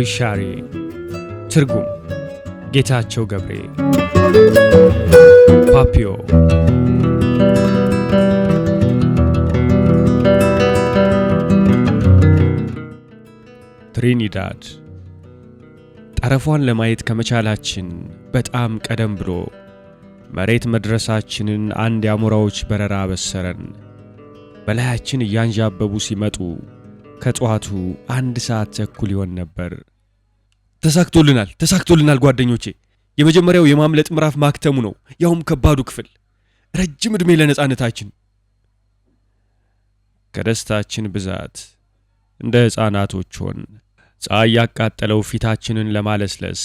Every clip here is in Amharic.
ኦሪሻሬ ትርጉም ጌታቸው ገብሬ ፓፒዮ ትሪኒዳድ ጠረፏን ለማየት ከመቻላችን በጣም ቀደም ብሎ መሬት መድረሳችንን አንድ የአሞራዎች በረራ በሰረን በላያችን እያንዣበቡ ሲመጡ ከጠዋቱ አንድ ሰዓት ተኩል ይሆን ነበር። ተሳክቶልናል፣ ተሳክቶልናል ጓደኞቼ። የመጀመሪያው የማምለጥ ምዕራፍ ማክተሙ ነው፣ ያውም ከባዱ ክፍል። ረጅም ዕድሜ ለነፃነታችን። ከደስታችን ብዛት እንደ ሕፃናቶች ሆን። ፀሐይ ያቃጠለው ፊታችንን ለማለስለስ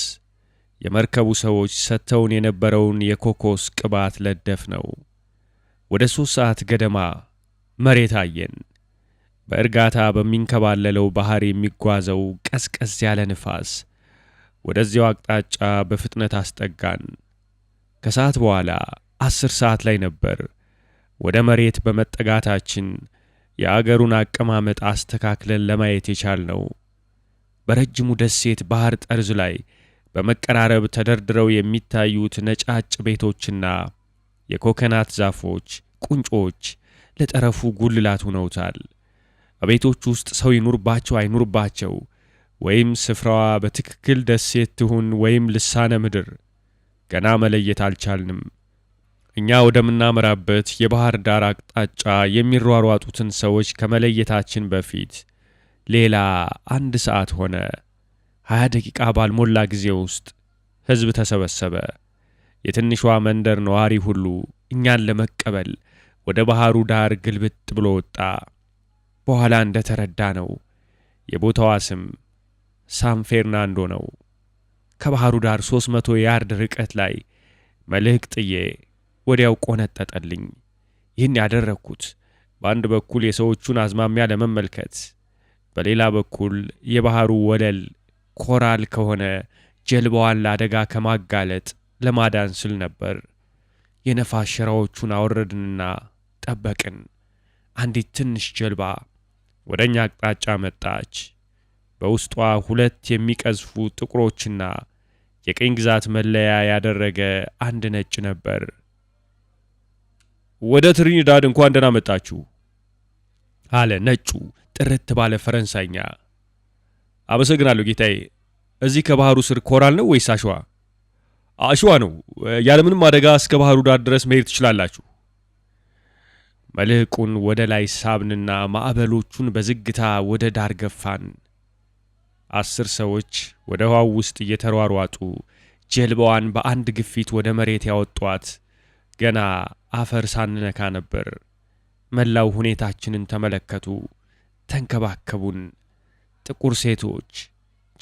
የመርከቡ ሰዎች ሰጥተውን የነበረውን የኮኮስ ቅባት ለደፍ ነው። ወደ ሦስት ሰዓት ገደማ መሬት አየን። በእርጋታ በሚንከባለለው ባሕር የሚጓዘው ቀዝቀዝ ያለ ንፋስ ወደዚያው አቅጣጫ በፍጥነት አስጠጋን። ከሰዓት በኋላ አስር ሰዓት ላይ ነበር። ወደ መሬት በመጠጋታችን የአገሩን አቀማመጥ አስተካክለን ለማየት የቻልነው በረጅሙ ደሴት ባህር ጠርዝ ላይ በመቀራረብ ተደርድረው የሚታዩት ነጫጭ ቤቶችና የኮከናት ዛፎች ቁንጮች ለጠረፉ ጉልላት ሆነውታል። በቤቶች ውስጥ ሰው ይኑርባቸው አይኑርባቸው ወይም ስፍራዋ በትክክል ደሴት ትሁን ወይም ልሳነ ምድር ገና መለየት አልቻልንም። እኛ ወደምናመራበት የባህር ዳር አቅጣጫ የሚሯሯጡትን ሰዎች ከመለየታችን በፊት ሌላ አንድ ሰዓት ሆነ። ሀያ ደቂቃ ባልሞላ ጊዜ ውስጥ ሕዝብ ተሰበሰበ። የትንሿ መንደር ነዋሪ ሁሉ እኛን ለመቀበል ወደ ባህሩ ዳር ግልብጥ ብሎ ወጣ። በኋላ እንደ ተረዳ ነው የቦታዋ ስም ሳን ፌርናንዶ ነው። ከባሕሩ ዳር 300 ያርድ ርቀት ላይ መልሕቅ ጥዬ ወዲያው ቆነጠጠልኝ። ይህን ያደረግኩት በአንድ በኩል የሰዎቹን አዝማሚያ ለመመልከት፣ በሌላ በኩል የባሕሩ ወለል ኮራል ከሆነ ጀልባዋን ለአደጋ ከማጋለጥ ለማዳን ስል ነበር። የነፋስ ሸራዎቹን አወረድንና ጠበቅን። አንዲት ትንሽ ጀልባ ወደ እኛ አቅጣጫ መጣች። በውስጧ ሁለት የሚቀዝፉ ጥቁሮችና የቅኝ ግዛት መለያ ያደረገ አንድ ነጭ ነበር። ወደ ትሪኒዳድ እንኳን ደህና መጣችሁ አለ ነጩ ጥርት ባለ ፈረንሳይኛ። አመሰግናለሁ ጌታዬ። እዚህ ከባህሩ ስር ኮራል ነው ወይስ አሸዋ? አሸዋ ነው። ያለምንም አደጋ እስከ ባህሩ ዳር ድረስ መሄድ ትችላላችሁ። መልህቁን ወደ ላይ ሳብንና ማዕበሎቹን በዝግታ ወደ ዳር ገፋን። አስር ሰዎች ወደ ውሃው ውስጥ እየተሯሯጡ ጀልባዋን በአንድ ግፊት ወደ መሬት ያወጧት ገና አፈር ሳንነካ ነበር። መላው ሁኔታችንን ተመለከቱ፣ ተንከባከቡን። ጥቁር ሴቶች፣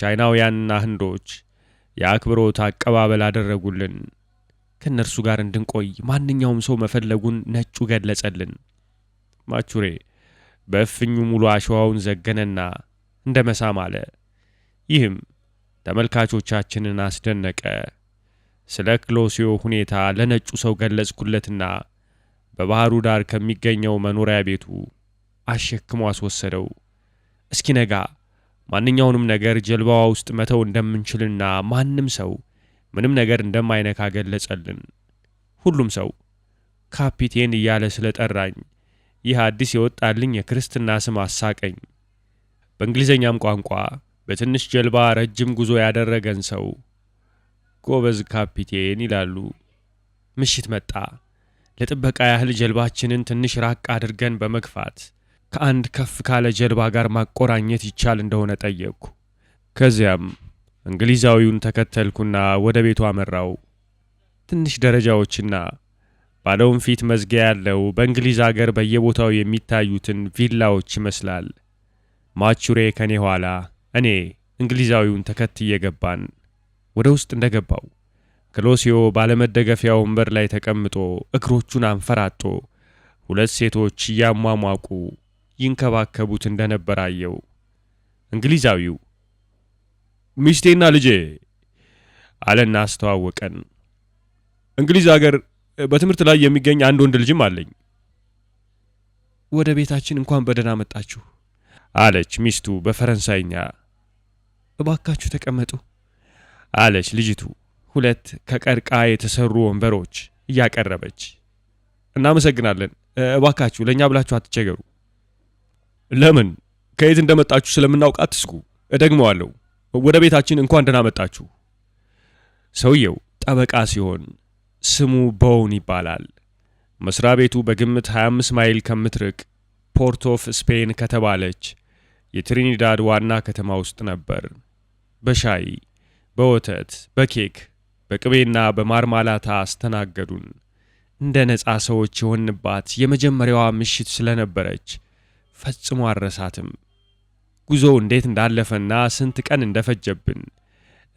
ቻይናውያንና ህንዶች የአክብሮት አቀባበል አደረጉልን። ከእነርሱ ጋር እንድንቆይ ማንኛውም ሰው መፈለጉን ነጩ ገለጸልን። ማቹሬ በእፍኙ ሙሉ አሸዋውን ዘገነና እንደ መሳም አለ። ይህም ተመልካቾቻችንን አስደነቀ። ስለ ክሎሲዮ ሁኔታ ለነጩ ሰው ገለጽኩለትና በባህሩ ዳር ከሚገኘው መኖሪያ ቤቱ አሸክሞ አስወሰደው። እስኪነጋ ማንኛውንም ነገር ጀልባዋ ውስጥ መተው እንደምንችልና ማንም ሰው ምንም ነገር እንደማይነካ ገለጸልን። ሁሉም ሰው ካፒቴን እያለ ስለ ጠራኝ ይህ አዲስ የወጣልኝ የክርስትና ስም አሳቀኝ። በእንግሊዝኛም ቋንቋ በትንሽ ጀልባ ረጅም ጉዞ ያደረገን ሰው ጎበዝ ካፒቴን ይላሉ። ምሽት መጣ። ለጥበቃ ያህል ጀልባችንን ትንሽ ራቅ አድርገን በመግፋት ከአንድ ከፍ ካለ ጀልባ ጋር ማቆራኘት ይቻል እንደሆነ ጠየቅኩ። ከዚያም እንግሊዛዊውን ተከተልኩና ወደ ቤቱ አመራው። ትንሽ ደረጃዎችና ባለውን ፊት መዝጊያ ያለው በእንግሊዝ አገር በየቦታው የሚታዩትን ቪላዎች ይመስላል። ማቹሬ ከኔ ኋላ እኔ እንግሊዛዊውን ተከትዬ ገባን። ወደ ውስጥ እንደገባው ክሎሲዮ ባለመደገፊያ ወንበር ላይ ተቀምጦ እግሮቹን አንፈራጦ ሁለት ሴቶች እያሟሟቁ ይንከባከቡት እንደነበር አየው። እንግሊዛዊው ሚስቴና ልጄ አለና አስተዋወቀን። እንግሊዝ አገር በትምህርት ላይ የሚገኝ አንድ ወንድ ልጅም አለኝ። ወደ ቤታችን እንኳን በደህና መጣችሁ አለች ሚስቱ በፈረንሳይኛ። እባካችሁ ተቀመጡ አለች ልጅቱ ሁለት ከቀርቃ የተሰሩ ወንበሮች እያቀረበች። እናመሰግናለን፣ እባካችሁ ለእኛ ብላችሁ አትቸገሩ። ለምን ከየት እንደመጣችሁ ስለምናውቃ አትስጉ። እደግመዋለሁ፣ ወደ ቤታችን እንኳን ደህና መጣችሁ። ሰውየው ጠበቃ ሲሆን ስሙ በውን ይባላል። መስሪያ ቤቱ በግምት 25 ማይል ከምትርቅ ፖርት ኦፍ ስፔን ከተባለች የትሪኒዳድ ዋና ከተማ ውስጥ ነበር። በሻይ በወተት በኬክ በቅቤና በማርማላታ አስተናገዱን። እንደ ነፃ ሰዎች የሆንባት የመጀመሪያዋ ምሽት ስለነበረች ፈጽሞ አረሳትም። ጉዞው እንዴት እንዳለፈና ስንት ቀን እንደፈጀብን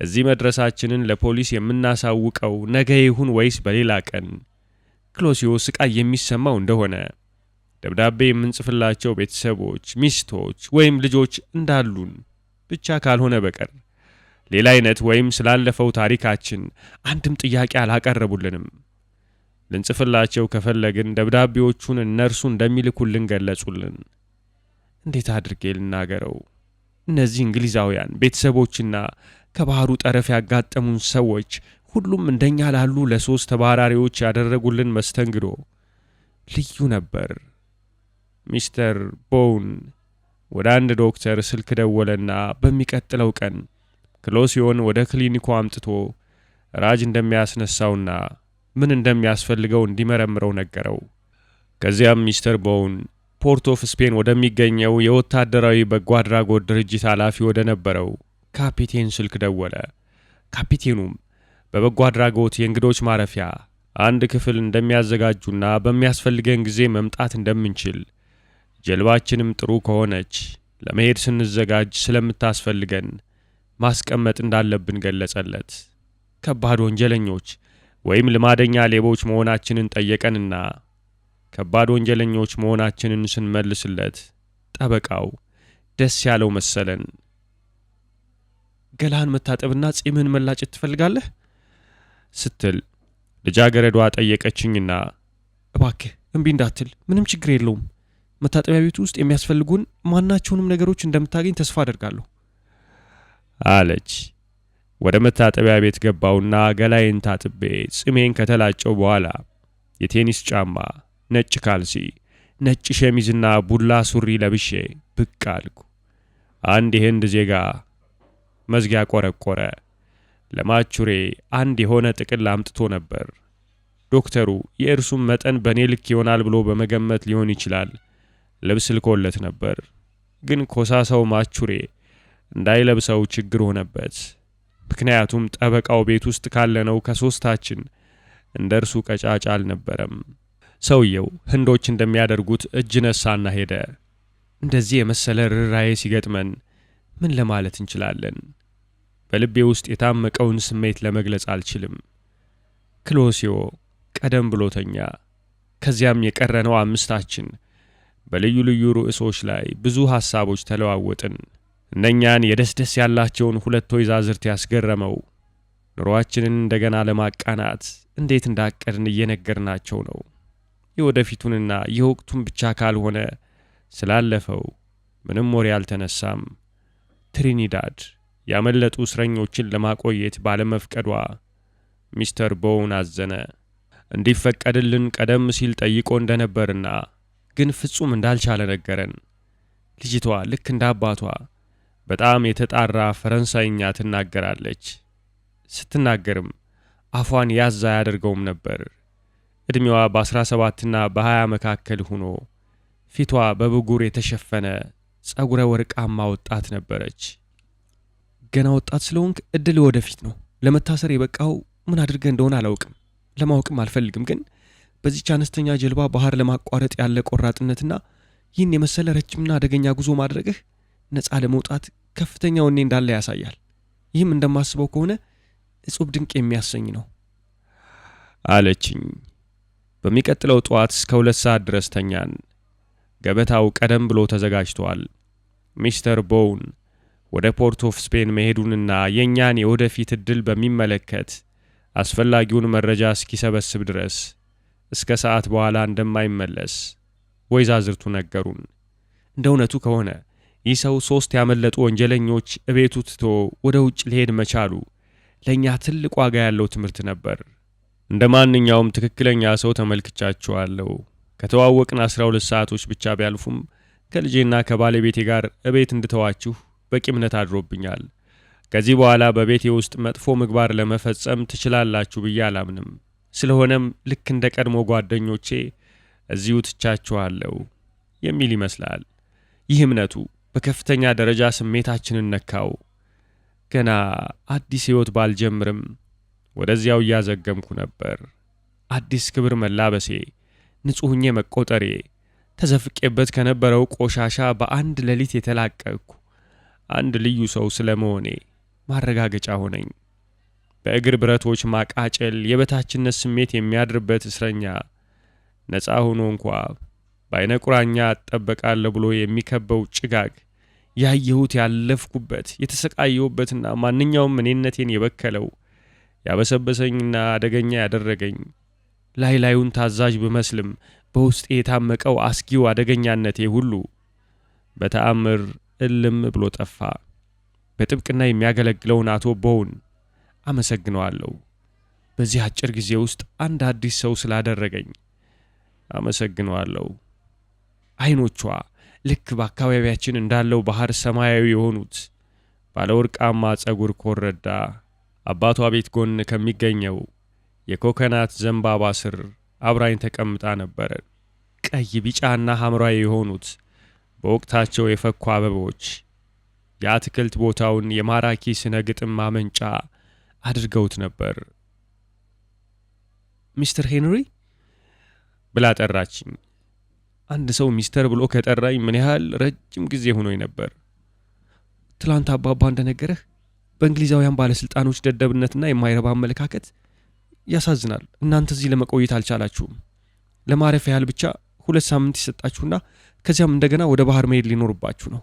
እዚህ መድረሳችንን ለፖሊስ የምናሳውቀው ነገ ይሁን ወይስ በሌላ ቀን? ክሎሲዮስ ስቃይ የሚሰማው እንደሆነ ደብዳቤ የምንጽፍላቸው ቤተሰቦች፣ ሚስቶች ወይም ልጆች እንዳሉን ብቻ ካልሆነ በቀር ሌላ አይነት ወይም ስላለፈው ታሪካችን አንድም ጥያቄ አላቀረቡልንም። ልንጽፍላቸው ከፈለግን ደብዳቤዎቹን እነርሱ እንደሚልኩልን ገለጹልን። እንዴት አድርጌ ልናገረው? እነዚህ እንግሊዛውያን ቤተሰቦችና ከባህሩ ጠረፍ ያጋጠሙን ሰዎች ሁሉም እንደኛ ላሉ ለሶስት ተባራሪዎች ያደረጉልን መስተንግዶ ልዩ ነበር። ሚስተር ቦውን ወደ አንድ ዶክተር ስልክ ደወለና በሚቀጥለው ቀን ክሎሲዮን ወደ ክሊኒኩ አምጥቶ ራጅ እንደሚያስነሳውና ምን እንደሚያስፈልገው እንዲመረምረው ነገረው። ከዚያም ሚስተር ቦውን ፖርት ኦፍ ስፔን ወደሚገኘው የወታደራዊ በጎ አድራጎት ድርጅት ኃላፊ ወደ ነበረው ካፒቴን ስልክ ደወለ። ካፒቴኑም በበጎ አድራጎት የእንግዶች ማረፊያ አንድ ክፍል እንደሚያዘጋጁና በሚያስፈልገን ጊዜ መምጣት እንደምንችል ጀልባችንም ጥሩ ከሆነች ለመሄድ ስንዘጋጅ ስለምታስፈልገን ማስቀመጥ እንዳለብን ገለጸለት። ከባድ ወንጀለኞች ወይም ልማደኛ ሌቦች መሆናችንን ጠየቀንና ከባድ ወንጀለኞች መሆናችንን ስንመልስለት ጠበቃው ደስ ያለው መሰለን። ገላህን መታጠብና ጺምህን መላጨት ትፈልጋለህ? ስትል ልጃገረዷ ጠየቀችኝና እባክህ እምቢ እንዳትል፣ ምንም ችግር የለውም መታጠቢያ ቤቱ ውስጥ የሚያስፈልጉን ማናቸውንም ነገሮች እንደምታገኝ ተስፋ አደርጋለሁ አለች። ወደ መታጠቢያ ቤት ገባውና ገላዬን ታጥቤ ጽሜን ከተላጨው በኋላ የቴኒስ ጫማ፣ ነጭ ካልሲ፣ ነጭ ሸሚዝና ቡላ ሱሪ ለብሼ ብቅ አልኩ። አንድ የህንድ ዜጋ መዝጊያ ቆረቆረ። ለማቹሬ አንድ የሆነ ጥቅል አምጥቶ ነበር። ዶክተሩ የእርሱም መጠን በእኔ ልክ ይሆናል ብሎ በመገመት ሊሆን ይችላል ልብስ ልኮለት ነበር። ግን ኮሳሳው ማቹሬ እንዳይለብሰው ችግር ሆነበት። ምክንያቱም ጠበቃው ቤት ውስጥ ካለነው ከሶስታችን እንደ እርሱ ቀጫጫ አልነበረም። ሰውየው ህንዶች እንደሚያደርጉት እጅ ነሳና ሄደ። እንደዚህ የመሰለ ርኅራዬ ሲገጥመን ምን ለማለት እንችላለን? በልቤ ውስጥ የታመቀውን ስሜት ለመግለጽ አልችልም። ክሎሲዮ ቀደም ብሎተኛ ከዚያም የቀረነው አምስታችን በልዩ ልዩ ርዕሶች ላይ ብዙ ሐሳቦች ተለዋወጥን። እነኛን የደስደስ ያላቸውን ሁለት ወይዛዝርት ያስገረመው ኑሮአችንን እንደገና ለማቃናት እንዴት እንዳቀድን እየነገርናቸው ነው። የወደፊቱንና የወቅቱን ብቻ ካልሆነ ስላለፈው ምንም ወሬ አልተነሳም። ትሪኒዳድ ያመለጡ እስረኞችን ለማቆየት ባለመፍቀዷ ሚስተር ቦውን አዘነ። እንዲፈቀድልን ቀደም ሲል ጠይቆ እንደነበርና ግን ፍጹም እንዳልቻለ ነገረን። ልጅቷ ልክ እንደ አባቷ በጣም የተጣራ ፈረንሳይኛ ትናገራለች። ስትናገርም አፏን ያዝ አያደርገውም ነበር። ዕድሜዋ በ ሰባትና በሀያ መካከል ሆኖ ፊቷ በብጉር የተሸፈነ ጸጉረ ወርቃማ ወጣት ነበረች። ገና ወጣት ስለሆንክ እድል ወደፊት ነው። ለመታሰር የበቃው ምን አድርገ እንደሆነ አላውቅም፣ ለማወቅም አልፈልግም። ግን በዚች አነስተኛ ጀልባ ባህር ለማቋረጥ ያለ ቆራጥነትና ይህን የመሰለ ረጅምና አደገኛ ጉዞ ማድረግህ ነፃ ለመውጣት ከፍተኛ ወኔ እንዳለ ያሳያል። ይህም እንደማስበው ከሆነ እጹብ ድንቅ የሚያሰኝ ነው አለችኝ። በሚቀጥለው ጠዋት እስከ ሁለት ሰዓት ድረስ ተኛን። ገበታው ቀደም ብሎ ተዘጋጅቷል። ሚስተር ቦውን ወደ ፖርት ኦፍ ስፔን መሄዱንና የእኛን የወደፊት ዕድል በሚመለከት አስፈላጊውን መረጃ እስኪሰበስብ ድረስ እስከ ሰዓት በኋላ እንደማይመለስ ወይዛዝርቱ ነገሩን። እንደ እውነቱ ከሆነ ይህ ሰው ሦስት ያመለጡ ወንጀለኞች እቤቱ ትቶ ወደ ውጭ ሊሄድ መቻሉ ለእኛ ትልቅ ዋጋ ያለው ትምህርት ነበር። እንደ ማንኛውም ትክክለኛ ሰው ተመልክቻችኋለሁ። ከተዋወቅን አስራ ሁለት ሰዓቶች ብቻ ቢያልፉም ከልጄና ከባለቤቴ ጋር እቤት እንድተዋችሁ በቂ እምነት አድሮብኛል። ከዚህ በኋላ በቤቴ ውስጥ መጥፎ ምግባር ለመፈጸም ትችላላችሁ ብዬ አላምንም። ስለሆነም ልክ እንደ ቀድሞ ጓደኞቼ እዚሁ ትቻችኋለሁ የሚል ይመስላል ይህ እምነቱ በከፍተኛ ደረጃ ስሜታችንን ነካው። ገና አዲስ ሕይወት ባልጀምርም ወደዚያው እያዘገምኩ ነበር። አዲስ ክብር መላበሴ፣ ንጹሕኜ መቆጠሬ፣ ተዘፍቄበት ከነበረው ቆሻሻ በአንድ ሌሊት የተላቀቅኩ አንድ ልዩ ሰው ስለ መሆኔ ማረጋገጫ ሆነኝ። በእግር ብረቶች ማቃጨል የበታችነት ስሜት የሚያድርበት እስረኛ ነፃ ሆኖ እንኳ በአይነ ቁራኛ እጠበቃለሁ ብሎ የሚከበው ጭጋግ ያየሁት ያለፍኩበት የተሰቃየሁበትና ማንኛውም እኔነቴን የበከለው ያበሰበሰኝና አደገኛ ያደረገኝ ላይ ላዩን ታዛዥ ብመስልም በውስጤ የታመቀው አስጊው አደገኛነቴ ሁሉ በተአምር እልም ብሎ ጠፋ። በጥብቅና የሚያገለግለውን አቶ ቦውን አመሰግነዋለሁ። በዚህ አጭር ጊዜ ውስጥ አንድ አዲስ ሰው ስላደረገኝ አመሰግነዋለሁ። አይኖቿ ልክ በአካባቢያችን እንዳለው ባህር ሰማያዊ የሆኑት ባለ ወርቃማ ጸጉር ኮረዳ አባቷ ቤት ጎን ከሚገኘው የኮከናት ዘንባባ ስር አብራኝ ተቀምጣ ነበረ። ቀይ፣ ቢጫና ሐምራዊ የሆኑት በወቅታቸው የፈኩ አበቦች የአትክልት ቦታውን የማራኪ ስነ ግጥም ማመንጫ አድርገውት ነበር። ሚስተር ሄንሪ ብላ ጠራችኝ። አንድ ሰው ሚስተር ብሎ ከጠራኝ ምን ያህል ረጅም ጊዜ ሆኖኝ ነበር። ትላንት አባባ እንደነገረህ በእንግሊዛውያን ባለሥልጣኖች ደደብነትና የማይረባ አመለካከት ያሳዝናል። እናንተ እዚህ ለመቆየት አልቻላችሁም። ለማረፍ ያህል ብቻ ሁለት ሳምንት ይሰጣችሁና ከዚያም እንደገና ወደ ባህር መሄድ ሊኖርባችሁ ነው።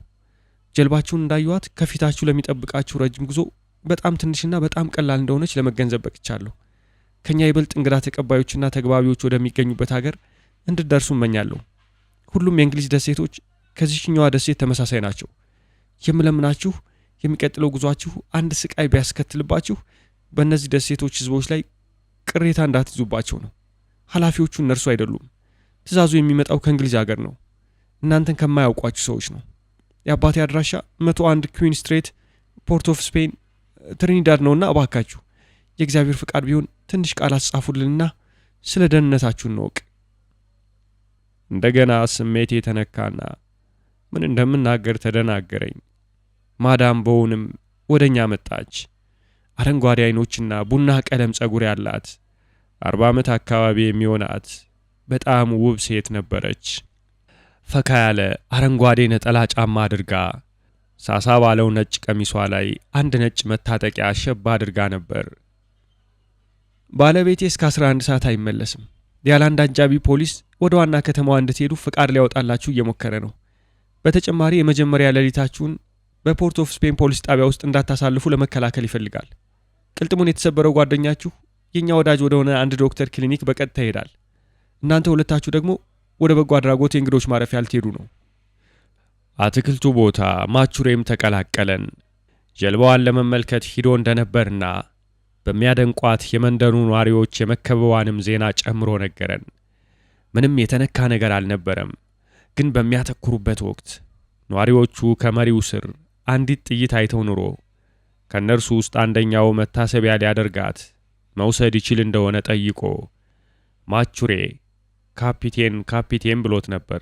ጀልባችሁን እንዳየዋት ከፊታችሁ ለሚጠብቃችሁ ረጅም ጉዞ በጣም ትንሽና በጣም ቀላል እንደሆነች ለመገንዘብ በቅቻለሁ። ከእኛ ይበልጥ እንግዳ ተቀባዮችና ተግባቢዎች ወደሚገኙበት ሀገር እንድደርሱ እመኛለሁ። ሁሉም የእንግሊዝ ደሴቶች ከዚችኛዋ ደሴት ተመሳሳይ ናቸው። የምለምናችሁ የሚቀጥለው ጉዟችሁ አንድ ስቃይ ቢያስከትልባችሁ በእነዚህ ደሴቶች ህዝቦች ላይ ቅሬታ እንዳትይዙባቸው ነው። ኃላፊዎቹ እነርሱ አይደሉም። ትእዛዙ የሚመጣው ከእንግሊዝ ሀገር ነው። እናንተን ከማያውቋችሁ ሰዎች ነው። የአባቴ አድራሻ መቶ አንድ ኩዊን ስትሬት ፖርት ኦፍ ስፔን ትሪኒዳድ ነውና እባካችሁ የእግዚአብሔር ፍቃድ ቢሆን ትንሽ ቃላት ጻፉልንና ስለ ደህንነታችሁ እንወቅ። እንደገና ስሜቴ የተነካና ምን እንደምናገር ተደናገረኝ። ማዳም በውንም ወደ እኛ መጣች። አረንጓዴ አይኖችና ቡና ቀለም ጸጉር ያላት አርባ ዓመት አካባቢ የሚሆናት በጣም ውብ ሴት ነበረች። ፈካ ያለ አረንጓዴ ነጠላ ጫማ አድርጋ ሳሳ ባለው ነጭ ቀሚሷ ላይ አንድ ነጭ መታጠቂያ አሸባ አድርጋ ነበር። ባለቤቴ እስከ 11 ሰዓት አይመለስም ያለ አንድ አጃቢ ፖሊስ ወደ ዋና ከተማዋ እንድትሄዱ ፍቃድ ሊያወጣላችሁ እየሞከረ ነው። በተጨማሪ የመጀመሪያ ሌሊታችሁን በፖርት ኦፍ ስፔን ፖሊስ ጣቢያ ውስጥ እንዳታሳልፉ ለመከላከል ይፈልጋል። ቅልጥሙን የተሰበረው ጓደኛችሁ የእኛ ወዳጅ ወደሆነ አንድ ዶክተር ክሊኒክ በቀጥታ ይሄዳል። እናንተ ሁለታችሁ ደግሞ ወደ በጎ አድራጎት የእንግዶች ማረፊያ ልትሄዱ ነው። አትክልቱ ቦታ ማቹሬም ተቀላቀለን። ጀልባዋን ለመመልከት ሂዶ እንደነበርና በሚያደንቋት የመንደኑ ነዋሪዎች የመከበቧንም ዜና ጨምሮ ነገረን። ምንም የተነካ ነገር አልነበረም። ግን በሚያተኩሩበት ወቅት ነዋሪዎቹ ከመሪው ስር አንዲት ጥይት አይተው ኑሮ ከእነርሱ ውስጥ አንደኛው መታሰቢያ ሊያደርጋት መውሰድ ይችል እንደሆነ ጠይቆ ማቹሬ ካፒቴን ካፒቴን ብሎት ነበር።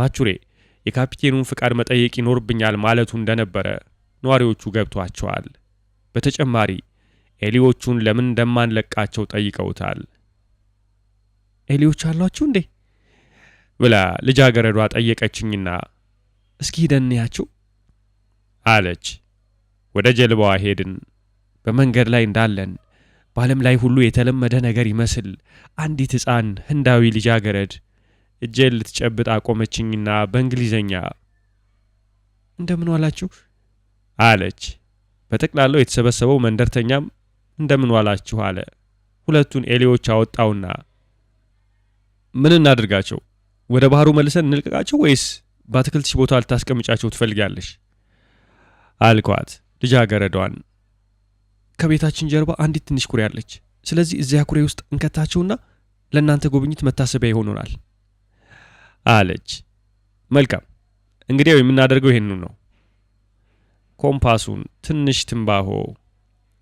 ማቹሬ የካፒቴኑን ፍቃድ መጠየቅ ይኖርብኛል ማለቱ እንደነበረ ነዋሪዎቹ ገብቷቸዋል። በተጨማሪ ኤሊዎቹን ለምን እንደማንለቃቸው ጠይቀውታል። ኤሊዎች አሏችሁ እንዴ? ብላ ልጃገረዷ ጠየቀችኝና እስኪ ደንያችሁ አለች። ወደ ጀልባዋ ሄድን። በመንገድ ላይ እንዳለን በዓለም ላይ ሁሉ የተለመደ ነገር ይመስል አንዲት ሕፃን ህንዳዊ ልጃገረድ እጄን ልትጨብጥ አቆመችኝና በእንግሊዘኛ እንደምን ዋላችሁ አለች። በጠቅላላው የተሰበሰበው መንደርተኛም እንደምን ዋላችሁ አለ። ሁለቱን ኤሌዎች አወጣውና ምን እናድርጋቸው? ወደ ባህሩ መልሰን እንልቀቃቸው ወይስ በአትክልትሽ ቦታ ልታስቀምጫቸው ትፈልጊያለሽ? አልኳት ልጃገረዷን። ከቤታችን ጀርባ አንዲት ትንሽ ኩሬ አለች። ስለዚህ እዚያ ኩሬ ውስጥ እንከታቸውና ለእናንተ ጉብኝት መታሰቢያ ይሆኑናል አለች። መልካም እንግዲያው የምናደርገው ይህንኑ ነው። ኮምፓሱን፣ ትንሽ ትንባሆ፣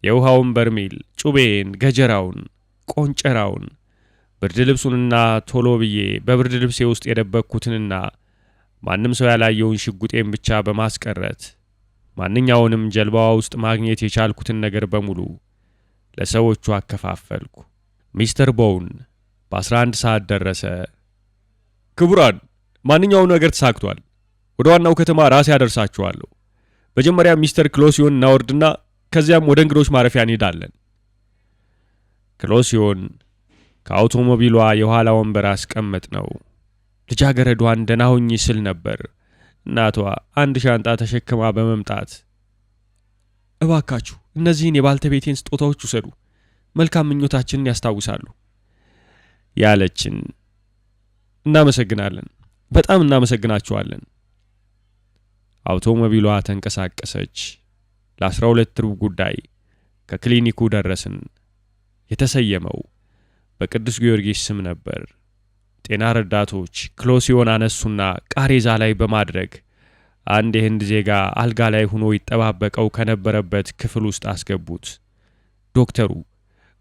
የውሃውን በርሜል፣ ጩቤን፣ ገጀራውን፣ ቆንጨራውን ብርድ ልብሱንና ቶሎ ብዬ በብርድ ልብሴ ውስጥ የደበቅኩትንና ማንም ሰው ያላየውን ሽጉጤን ብቻ በማስቀረት ማንኛውንም ጀልባዋ ውስጥ ማግኘት የቻልኩትን ነገር በሙሉ ለሰዎቹ አከፋፈልኩ። ሚስተር ቦውን በ11 ሰዓት ደረሰ። ክቡራን፣ ማንኛውም ነገር ተሳክቷል። ወደ ዋናው ከተማ ራሴ ያደርሳችኋለሁ። መጀመሪያ ሚስተር ክሎሲዮን እናወርድና ከዚያም ወደ እንግዶች ማረፊያ እንሄዳለን። ክሎሲዮን ከአውቶሞቢሏ የኋላ ወንበር አስቀመጥ ነው። ልጃገረዷን ደህና ሁኚ ስል ነበር እናቷ አንድ ሻንጣ ተሸክማ በመምጣት እባካችሁ እነዚህን የባልተቤቴን ስጦታዎች ውሰዱ፣ መልካም ምኞታችንን ያስታውሳሉ ያለችን። እናመሰግናለን፣ በጣም እናመሰግናችኋለን። አውቶሞቢሏ ተንቀሳቀሰች። ሁለት ሩብ ጉዳይ ከክሊኒኩ ደረስን። የተሰየመው በቅዱስ ጊዮርጊስ ስም ነበር። ጤና ረዳቶች ክሎሲዮን አነሱና ቃሬዛ ላይ በማድረግ አንድ የህንድ ዜጋ አልጋ ላይ ሆኖ ይጠባበቀው ከነበረበት ክፍል ውስጥ አስገቡት። ዶክተሩ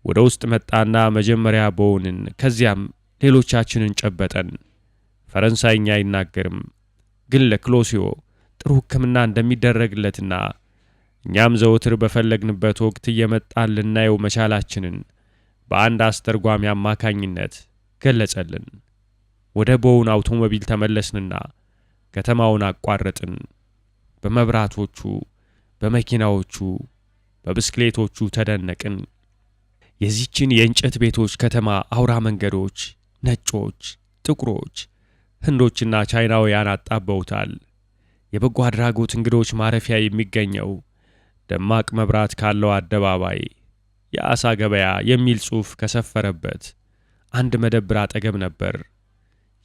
ወደ ውስጥ መጣና መጀመሪያ በውንን ከዚያም ሌሎቻችንን ጨበጠን። ፈረንሳይኛ አይናገርም፣ ግን ለክሎሲዮ ጥሩ ሕክምና እንደሚደረግለትና እኛም ዘወትር በፈለግንበት ወቅት እየመጣን ልናየው መቻላችንን በአንድ አስተርጓሚ አማካኝነት ገለጸልን። ወደ ቦውን አውቶሞቢል ተመለስንና ከተማውን አቋረጥን። በመብራቶቹ፣ በመኪናዎቹ፣ በብስክሌቶቹ ተደነቅን። የዚችን የእንጨት ቤቶች ከተማ አውራ መንገዶች ነጮች፣ ጥቁሮች፣ ህንዶችና ቻይናውያን አጣበውታል። የበጎ አድራጎት እንግዶች ማረፊያ የሚገኘው ደማቅ መብራት ካለው አደባባይ የአሳ ገበያ የሚል ጽሑፍ ከሰፈረበት አንድ መደብር አጠገብ ነበር።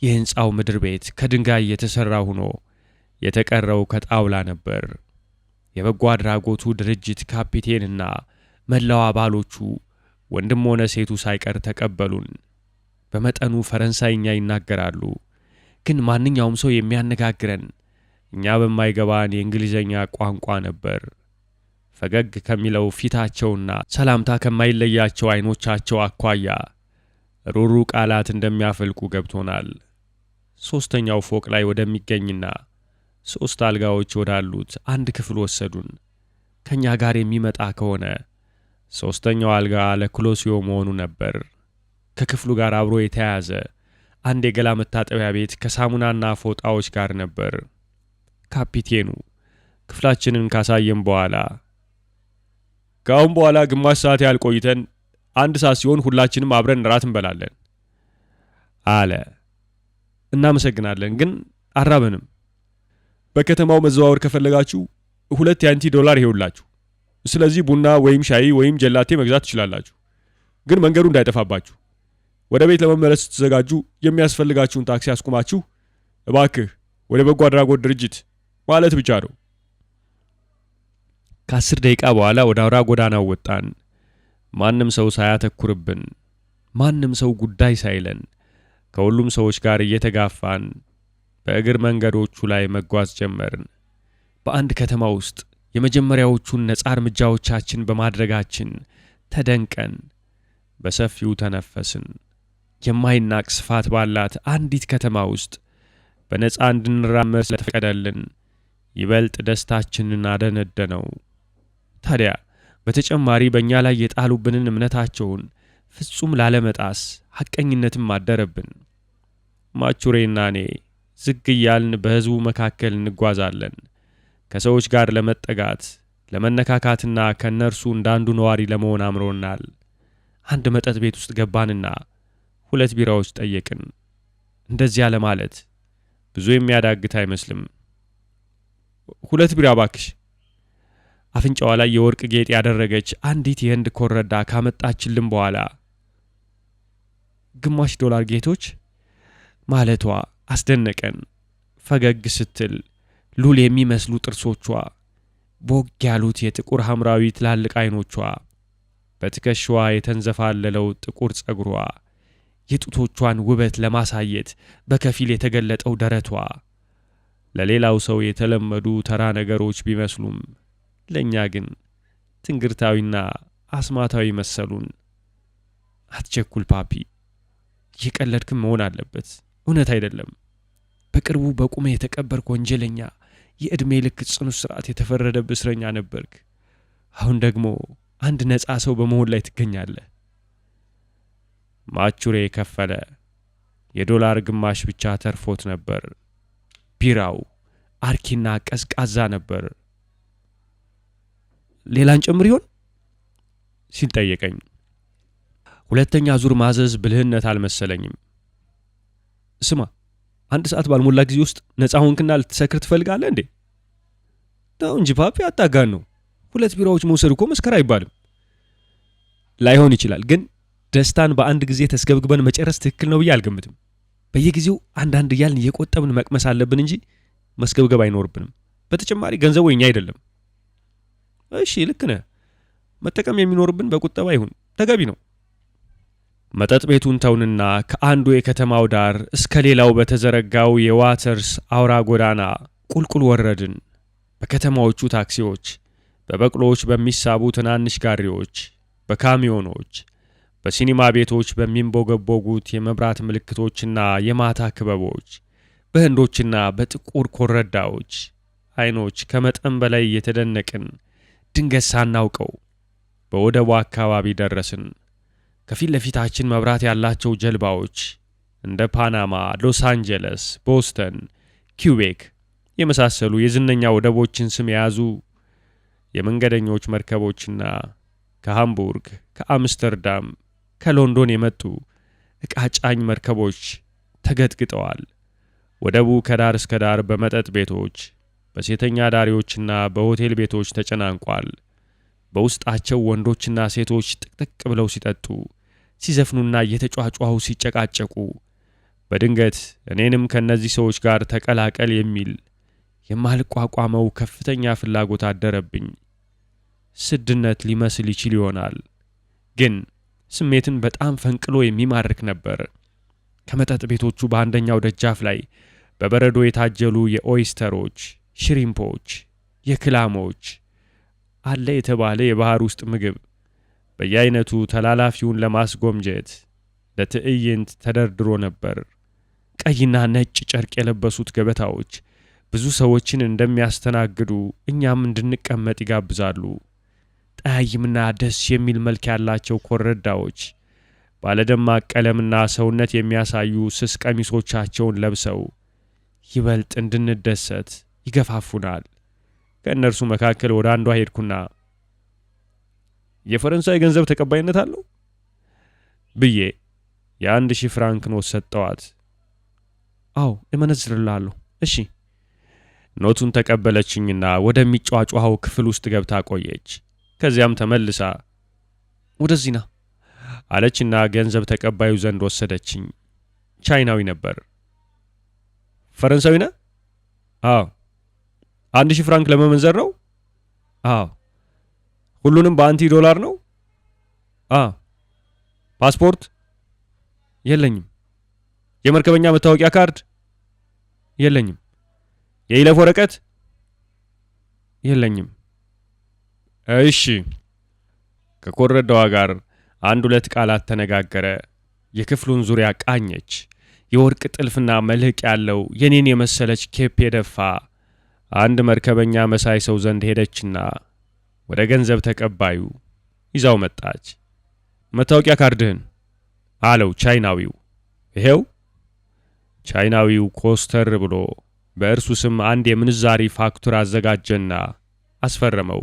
የሕንፃው ምድር ቤት ከድንጋይ የተሠራ ሆኖ የተቀረው ከጣውላ ነበር። የበጎ አድራጎቱ ድርጅት ካፒቴንና መላው አባሎቹ ወንድም ሆነ ሴቱ ሳይቀር ተቀበሉን። በመጠኑ ፈረንሳይኛ ይናገራሉ፣ ግን ማንኛውም ሰው የሚያነጋግረን እኛ በማይገባን የእንግሊዝኛ ቋንቋ ነበር። ፈገግ ከሚለው ፊታቸውና ሰላምታ ከማይለያቸው አይኖቻቸው አኳያ ሩሩ ቃላት እንደሚያፈልቁ ገብቶናል። ሦስተኛው ፎቅ ላይ ወደሚገኝና ሦስት አልጋዎች ወዳሉት አንድ ክፍል ወሰዱን። ከእኛ ጋር የሚመጣ ከሆነ ሦስተኛው አልጋ ለክሎሲዮ መሆኑ ነበር። ከክፍሉ ጋር አብሮ የተያያዘ አንድ የገላ መታጠቢያ ቤት ከሳሙናና ፎጣዎች ጋር ነበር። ካፒቴኑ ክፍላችንን ካሳየም በኋላ ከአሁን በኋላ ግማሽ ሰዓት ያህል ቆይተን አንድ ሰዓት ሲሆን ሁላችንም አብረን እራት እንበላለን አለ። እናመሰግናለን፣ ግን አራበንም። በከተማው መዘዋወር ከፈለጋችሁ ሁለት የአንቲ ዶላር ይሄውላችሁ። ስለዚህ ቡና ወይም ሻይ ወይም ጀላቴ መግዛት ትችላላችሁ፣ ግን መንገዱ እንዳይጠፋባችሁ። ወደ ቤት ለመመለስ ስትዘጋጁ የሚያስፈልጋችሁን ታክሲ አስቁማችሁ እባክህ ወደ በጎ አድራጎት ድርጅት ማለት ብቻ ነው ከአስር ደቂቃ በኋላ ወደ አውራ ጎዳናው ወጣን። ማንም ሰው ሳያተኩርብን፣ ማንም ሰው ጉዳይ ሳይለን ከሁሉም ሰዎች ጋር እየተጋፋን በእግር መንገዶቹ ላይ መጓዝ ጀመርን። በአንድ ከተማ ውስጥ የመጀመሪያዎቹን ነፃ እርምጃዎቻችን በማድረጋችን ተደንቀን በሰፊው ተነፈስን። የማይናቅ ስፋት ባላት አንዲት ከተማ ውስጥ በነፃ እንድንራመድ ስለተፈቀደልን ይበልጥ ደስታችንን አደነደነው። ታዲያ በተጨማሪ በእኛ ላይ የጣሉብንን እምነታቸውን ፍጹም ላለመጣስ ሐቀኝነትም አደረብን። ማቹሬና እኔ ዝግ እያልን በሕዝቡ መካከል እንጓዛለን። ከሰዎች ጋር ለመጠጋት ለመነካካትና ከእነርሱ እንዳንዱ ነዋሪ ለመሆን አምሮናል። አንድ መጠጥ ቤት ውስጥ ገባንና ሁለት ቢራዎች ጠየቅን። እንደዚያ ለማለት ብዙ የሚያዳግት አይመስልም። ሁለት ቢራ ባክሽ አፍንጫዋ ላይ የወርቅ ጌጥ ያደረገች አንዲት የህንድ ኮረዳ ካመጣችልን በኋላ ግማሽ ዶላር ጌቶች ማለቷ አስደነቀን። ፈገግ ስትል ሉል የሚመስሉ ጥርሶቿ፣ ቦግ ያሉት የጥቁር ሐምራዊ ትላልቅ አይኖቿ፣ በትከሻዋ የተንዘፋለለው ጥቁር ጸጉሯ፣ የጡቶቿን ውበት ለማሳየት በከፊል የተገለጠው ደረቷ ለሌላው ሰው የተለመዱ ተራ ነገሮች ቢመስሉም ለእኛ ግን ትንግርታዊና አስማታዊ መሰሉን። አትቸኩል ፓፒ፣ የቀለድክም መሆን አለበት። እውነት አይደለም። በቅርቡ በቁመ የተቀበርክ ወንጀለኛ፣ የዕድሜ ልክ ጽኑ ስርዓት የተፈረደብህ እስረኛ ነበርክ። አሁን ደግሞ አንድ ነፃ ሰው በመሆን ላይ ትገኛለህ። ማቹሬ የከፈለ የዶላር ግማሽ ብቻ ተርፎት ነበር። ቢራው አርኪና ቀዝቃዛ ነበር። ሌላን ጭምር ይሆን ሲል ጠየቀኝ። ሁለተኛ ዙር ማዘዝ ብልህነት አልመሰለኝም። ስማ አንድ ሰዓት ባልሞላ ጊዜ ውስጥ ነፃ ሆንክና ልትሰክር ትፈልጋለህ እንዴ? ተው እንጂ ፓፒ፣ አታጋን ነው። ሁለት ቢራዎች መውሰድ እኮ መስከር አይባልም። ላይሆን ይችላል፣ ግን ደስታን በአንድ ጊዜ ተስገብግበን መጨረስ ትክክል ነው ብዬ አልገምትም። በየጊዜው አንዳንድ እያልን እየቆጠብን መቅመስ አለብን እንጂ መስገብገብ አይኖርብንም። በተጨማሪ ገንዘቡ የኛ አይደለም። እሺ ልክ ነ መጠቀም የሚኖርብን በቁጠባ ይሁን፣ ተገቢ ነው። መጠጥ ቤቱን ተውንና ከአንዱ የከተማው ዳር እስከ ሌላው በተዘረጋው የዋተርስ አውራ ጎዳና ቁልቁል ወረድን። በከተማዎቹ ታክሲዎች፣ በበቅሎዎች በሚሳቡ ትናንሽ ጋሪዎች፣ በካሚዮኖች፣ በሲኒማ ቤቶች በሚንቦገቦጉት የመብራት ምልክቶችና የማታ ክበቦች፣ በህንዶችና በጥቁር ኮረዳዎች አይኖች ከመጠን በላይ እየተደነቅን ድንገት ሳናውቀው በወደቡ አካባቢ ደረስን። ከፊት ለፊታችን መብራት ያላቸው ጀልባዎች እንደ ፓናማ፣ ሎስ አንጀለስ፣ ቦስተን፣ ኪውቤክ የመሳሰሉ የዝነኛ ወደቦችን ስም የያዙ የመንገደኞች መርከቦችና ከሃምቡርግ፣ ከአምስተርዳም፣ ከሎንዶን የመጡ ዕቃ ጫኝ መርከቦች ተገጥግጠዋል። ወደቡ ከዳር እስከ ዳር በመጠጥ ቤቶች፣ በሴተኛ ዳሪዎችና በሆቴል ቤቶች ተጨናንቋል። በውስጣቸው ወንዶችና ሴቶች ጥቅጥቅ ብለው ሲጠጡ፣ ሲዘፍኑና እየተጫጫሁ ሲጨቃጨቁ በድንገት እኔንም ከእነዚህ ሰዎች ጋር ተቀላቀል የሚል የማልቋቋመው ከፍተኛ ፍላጎት አደረብኝ። ስድነት ሊመስል ይችል ይሆናል፣ ግን ስሜትን በጣም ፈንቅሎ የሚማርክ ነበር። ከመጠጥ ቤቶቹ በአንደኛው ደጃፍ ላይ በበረዶ የታጀሉ የኦይስተሮች ሽሪምፖዎች፣ የክላሞች አለ የተባለ የባህር ውስጥ ምግብ በየአይነቱ ተላላፊውን ለማስጎምጀት ለትዕይንት ተደርድሮ ነበር። ቀይና ነጭ ጨርቅ የለበሱት ገበታዎች ብዙ ሰዎችን እንደሚያስተናግዱ እኛም እንድንቀመጥ ይጋብዛሉ። ጠያይምና ደስ የሚል መልክ ያላቸው ኮረዳዎች ባለደማቅ ቀለምና ሰውነት የሚያሳዩ ስስ ቀሚሶቻቸውን ለብሰው ይበልጥ እንድንደሰት ይገፋፉናል። ከእነርሱ መካከል ወደ አንዷ ሄድኩና የፈረንሳይ ገንዘብ ተቀባይነት አለው ብዬ የአንድ ሺህ ፍራንክ ኖት ሰጠዋት። አዎ እመነዝርላለሁ። እሺ። ኖቱን ተቀበለችኝና ወደሚጫጫኸው ክፍል ውስጥ ገብታ ቆየች። ከዚያም ተመልሳ ወደዚህ ና አለችና ገንዘብ ተቀባዩ ዘንድ ወሰደችኝ። ቻይናዊ ነበር። ፈረንሳዊ ነህ? አዎ አንድ ሺህ ፍራንክ ለመመንዘር ነው። አዎ ሁሉንም በአንቲ ዶላር ነው። አዎ ፓስፖርት የለኝም። የመርከበኛ መታወቂያ ካርድ የለኝም። የይለፍ ወረቀት የለኝም። እሺ። ከኮረዳዋ ጋር አንድ ሁለት ቃላት ተነጋገረ። የክፍሉን ዙሪያ ቃኘች። የወርቅ ጥልፍና መልህቅ ያለው የኔን የመሰለች ኬፕ የደፋ አንድ መርከበኛ መሳይ ሰው ዘንድ ሄደችና ወደ ገንዘብ ተቀባዩ ይዛው መጣች። መታወቂያ ካርድህን አለው ቻይናዊው። ይሄው ቻይናዊው ኮስተር ብሎ በእርሱ ስም አንድ የምንዛሪ ፋክቱር አዘጋጀና አስፈረመው።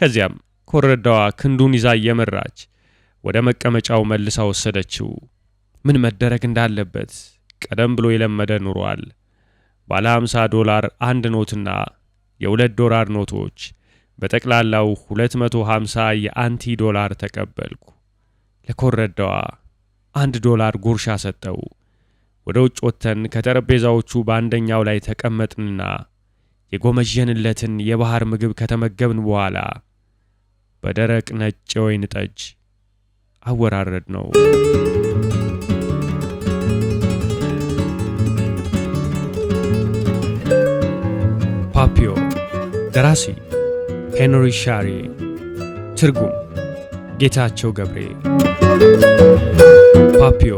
ከዚያም ኮረዳዋ ክንዱን ይዛ እየመራች ወደ መቀመጫው መልሳ ወሰደችው። ምን መደረግ እንዳለበት ቀደም ብሎ የለመደ ኑሯል። ባለ 50 ዶላር አንድ ኖትና የሁለት ዶላር ኖቶች በጠቅላላው 250 የአንቲ ዶላር ተቀበልኩ። ለኮረዳዋ አንድ ዶላር ጉርሻ ሰጠው። ወደ ውጭ ወጥተን ከጠረጴዛዎቹ በአንደኛው ላይ ተቀመጥንና የጎመዠንለትን የባህር ምግብ ከተመገብን በኋላ በደረቅ ነጭ የወይን ጠጅ አወራረድ ነው። ፓፒዮ፣ ደራሲ ሄንሪ ሻሪ፣ ትርጉም ጌታቸው ገብሬ። ፓፒዮ